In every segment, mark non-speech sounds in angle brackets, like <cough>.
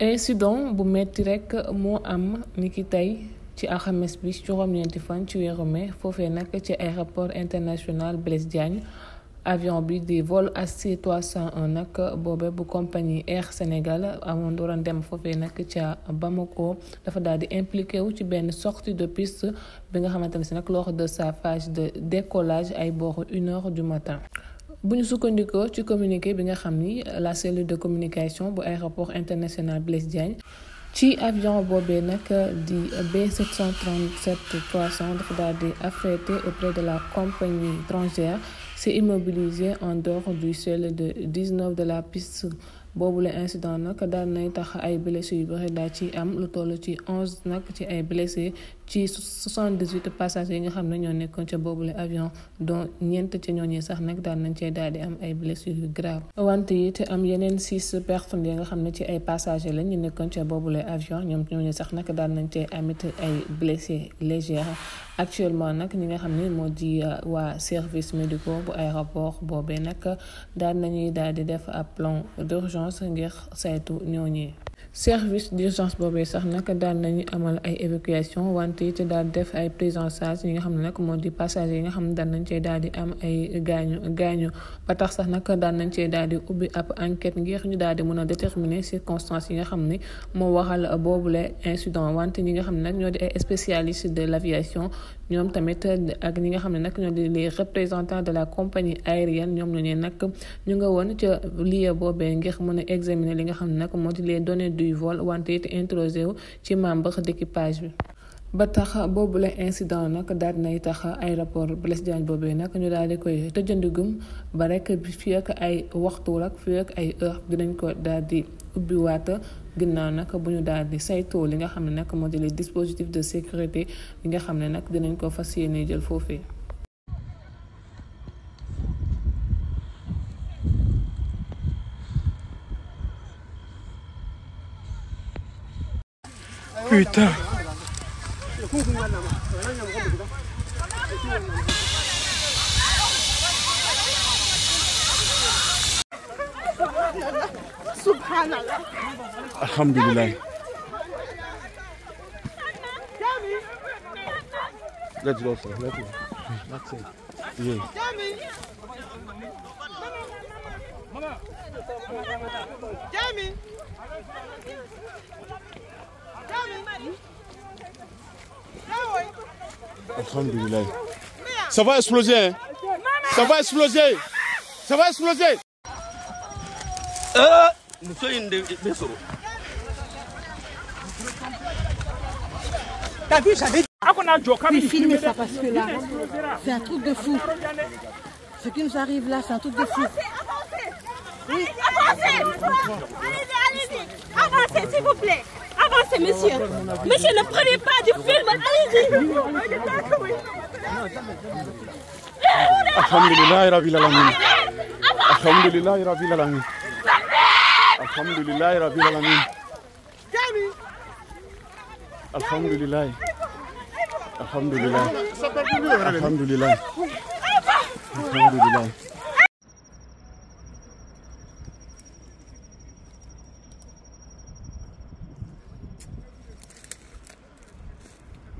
incident bu metti rek moo am niki tey ci alxames bi juróom-ñeenti fan ci weeru mai foofee nag ci aéroport international Blaise Diagne avion bi di vol AC301 nag boobe bu compagnie Air Sénégal amoon doon dem foofee nag ca Bamako dafa daal di impliqué wu ci benn sortie de piste bi nga xamante ne si nag lors de sa de décollage ay booru une heure du matin bu ñu sukkandikoo ci communiqué bi nga xam ni la cellule de communication bu aéroport international Blaise Diagne ci avion boobee nag di B737 300 dafa daal di affrété auprès de la compagnie étrangère s'est immobilisé en dehors du seuil de 19 de la piste boobule incident nag daal nay tax ay blessés yu bëri daal ci am lu toll ci onze nag ci ay blessés ci soixante dix huit passagers yi nga xam ne ñoo nekkoon ca boobu boobule avion dont ñeent ca ñooñee sax nag daal nañ cee daal di am ay blessures yu grave wante yi te am yeneen six personnes yi nga xam ne ci ay passagers lañ ñu nekkoon ca boobule avion ñoom ñooñu sax nag daal nañ cee amit ay blessés légers. actuellement nag ñi nga xam ne moo di euh, waa service médicaux bu aéroport boobee nag daal nañu daal di def ab plan d'urgence ngir saytu ñooñi service d'urgence boobee sax nag daal nañu amal ay évacuation wante it daal def ay prise en charge yi nga xam ne nag moo di passagers yi nga xam ne daan nañ cee daal di am ay gaañu gaañu ba tax sax nag daan nañ cee daal di ubbi ab enquête ngir ñu daal di mën a déterminer circonstances yi nga xam ne moo waxal boobu boobule incident wante ñi nga xam ne nag ñoo di ay spécialistes de l'aviation ñoom tamit ak ñi nga xam ne nag ñoo di les représentants de la compagnie aérienne ñoom ñu ne nag ñu nga woon ca lieu boobee ngir mën a examiner li nga xam ne nag moo di lee données du vol wante it introsé wu ci membre d'équipage bi. ba tax boobu la incident nag daal nay tax aéroport Blaise Diagne boobee nag ñu daal di koy tëjandigum ba rek fii ay waxtu rek fii ay heure dinañ ko daldi di ubbiwaat ginnaaw nag bu ñu daal saytoo li nga xam ne nag moo di les dispositifs de sécurité yi nga xam ne nag dinañ ko fas yéene jël foofee. subhanallah alhamdulilah let's go sir let's go that's Alhamdulillah. Ça va exploser. Hein? Ça va exploser. Ça va exploser. Euh, nous sommes des vaisseaux. T'as vu, j'avais dit. Ah, Mais filmez ça c'est un truc de fou. Ce qui nous arrive là, c'est un truc de fou. Avancez, avancez. Oui. Avancez, avancez. allez passer, monsieur. Monsieur, ne prenez pas du film, allez-y. Alhamdulillah, Rabbil Alamin. Alhamdulillah, Rabbil Alamin. Alhamdulillah, Rabbil Alamin.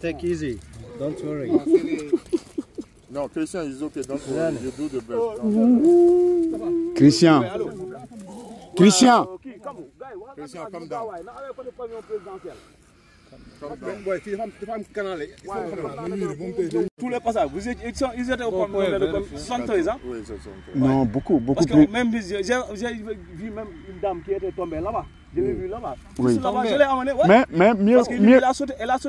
Take oh. easy. Don't worry. <laughs> no, Christian oh. is ah, okay. Don't worry. You do the best. Christian. Christian. Christian, come down. Eh. Tous les passages, vous êtes, ils étaient au oh, point de 73 ans Non, beaucoup, beaucoup Parce que plus. même j'ai vu même une dame qui était tombée là-bas. Je l'ai vu là-bas. Oui. Là je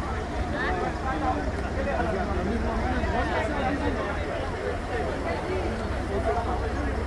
Thank you.